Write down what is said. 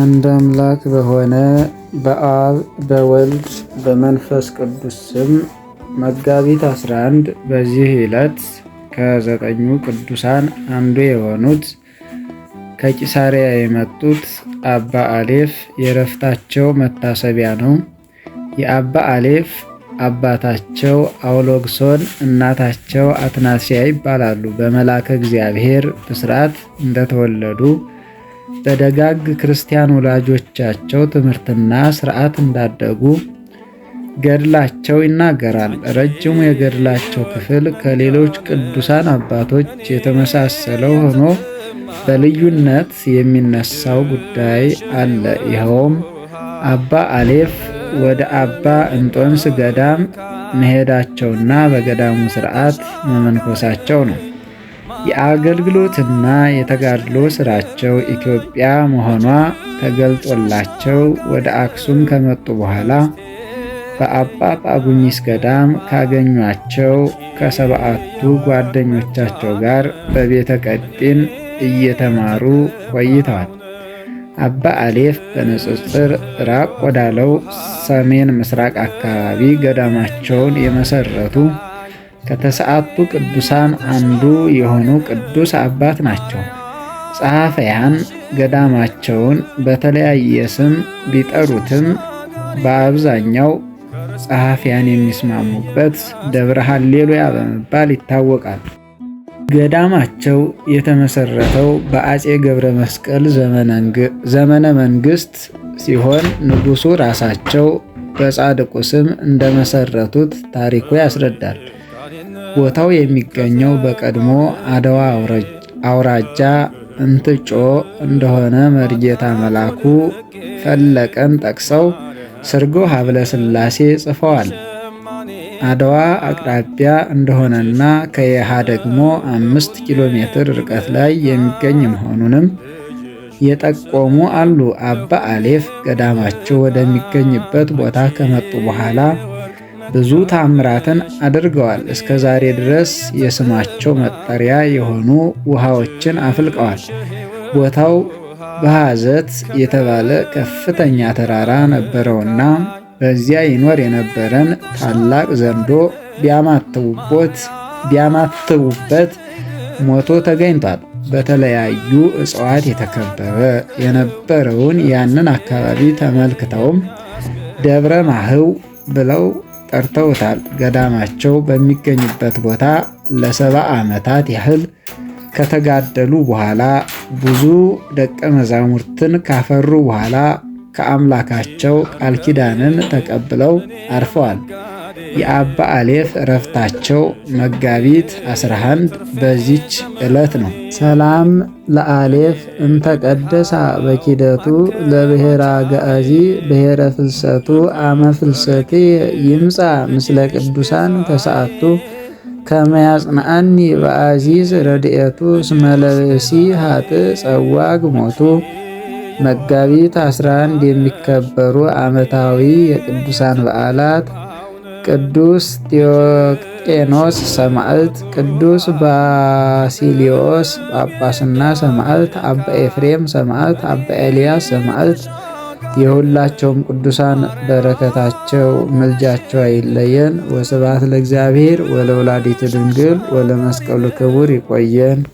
አንድ አምላክ በሆነ በአብ በወልድ በመንፈስ ቅዱስ ስም መጋቢት 11 በዚህ ዕለት ከዘጠኙ ቅዱሳን አንዱ የሆኑት ከቂሳሪያ የመጡት አባ አሌፍ የረፍታቸው መታሰቢያ ነው። የአባ አሌፍ አባታቸው አውሎግሶን እናታቸው አትናሲያ ይባላሉ። በመላከ እግዚአብሔር ብስራት እንደተወለዱ በደጋግ ክርስቲያን ወላጆቻቸው ትምህርትና ስርዓት እንዳደጉ ገድላቸው ይናገራል። ረጅሙ የገድላቸው ክፍል ከሌሎች ቅዱሳን አባቶች የተመሳሰለው ሆኖ በልዩነት የሚነሳው ጉዳይ አለ። ይኸውም አባ አሌፍ ወደ አባ እንጦንስ ገዳም መሄዳቸውና በገዳሙ ስርዓት መመንኮሳቸው ነው። የአገልግሎትና የተጋድሎ ስራቸው ኢትዮጵያ መሆኗ ተገልጦላቸው ወደ አክሱም ከመጡ በኋላ በአባ ጳጉሚስ ገዳም ካገኟቸው ከሰብአቱ ጓደኞቻቸው ጋር በቤተ ቀጢን እየተማሩ ቆይተዋል። አባ አሌፍ በንጽጽር ራቅ ወዳለው ሰሜን ምስራቅ አካባቢ ገዳማቸውን የመሰረቱ ከተሰዓቱ ቅዱሳን አንዱ የሆኑ ቅዱስ አባት ናቸው። ጸሐፊያን ገዳማቸውን በተለያየ ስም ቢጠሩትም በአብዛኛው ጸሐፊያን የሚስማሙበት ደብረ ሃሌሉያ በመባል ይታወቃል። ገዳማቸው የተመሰረተው በአጼ ገብረ መስቀል ዘመነ መንግስት ሲሆን ንጉሱ ራሳቸው በጻድቁ ስም እንደመሰረቱት ታሪኩ ያስረዳል። ቦታው የሚገኘው በቀድሞ አድዋ አውራጃ እንትጮ እንደሆነ መርጌታ መላኩ ፈለቀን ጠቅሰው ስርጎ ሀብለ ስላሴ ጽፈዋል። አድዋ አቅራቢያ እንደሆነና ከየሃ ደግሞ አምስት ኪሎ ሜትር ርቀት ላይ የሚገኝ መሆኑንም የጠቆሙ አሉ። አባ አሌፍ ገዳማቸው ወደሚገኝበት ቦታ ከመጡ በኋላ ብዙ ታምራትን አድርገዋል። እስከ ዛሬ ድረስ የስማቸው መጠሪያ የሆኑ ውሃዎችን አፍልቀዋል። ቦታው በሐዘት የተባለ ከፍተኛ ተራራ ነበረውና በዚያ ይኖር የነበረን ታላቅ ዘንዶ ቢያማትቡበት ቢያማትቡበት ሞቶ ተገኝቷል። በተለያዩ እጽዋት የተከበበ የነበረውን ያንን አካባቢ ተመልክተውም ደብረ ማህው ብለው ጠርተውታል። ገዳማቸው በሚገኝበት ቦታ ለሰባ ዓመታት ያህል ከተጋደሉ በኋላ ብዙ ደቀ መዛሙርትን ካፈሩ በኋላ ከአምላካቸው ቃል ኪዳንን ተቀብለው አርፈዋል። የአባ አሌፍ እረፍታቸው መጋቢት 11 በዚች ዕለት ነው። ሰላም ለአሌፍ እንተቀደሳ በኪደቱ ለብሔራ ገአዚ ብሔረ ፍልሰቱ አመ ፍልሰቴ ይምፃ ምስለ ቅዱሳን ተሰአቱ ከመያጽንአኒ በአዚዝ ረድኤቱ ስመለሲ ሀጥ ጸዋግ ሞቱ። መጋቢት 11 የሚከበሩ ዓመታዊ የቅዱሳን በዓላት ቅዱስ ቴዎቄኖስ ሰማዕት፣ ቅዱስ ባሲሊዮስ ጳጳስና ሰማዕት፣ አባ ኤፍሬም ሰማዕት፣ አባ ኤልያስ ሰማዕት። የሁላቸውም ቅዱሳን በረከታቸው ምልጃቸው አይለየን። ወስብሐት ለእግዚአብሔር ወለወላዲቱ ድንግል ወለመስቀሉ ክቡር። ይቆየን።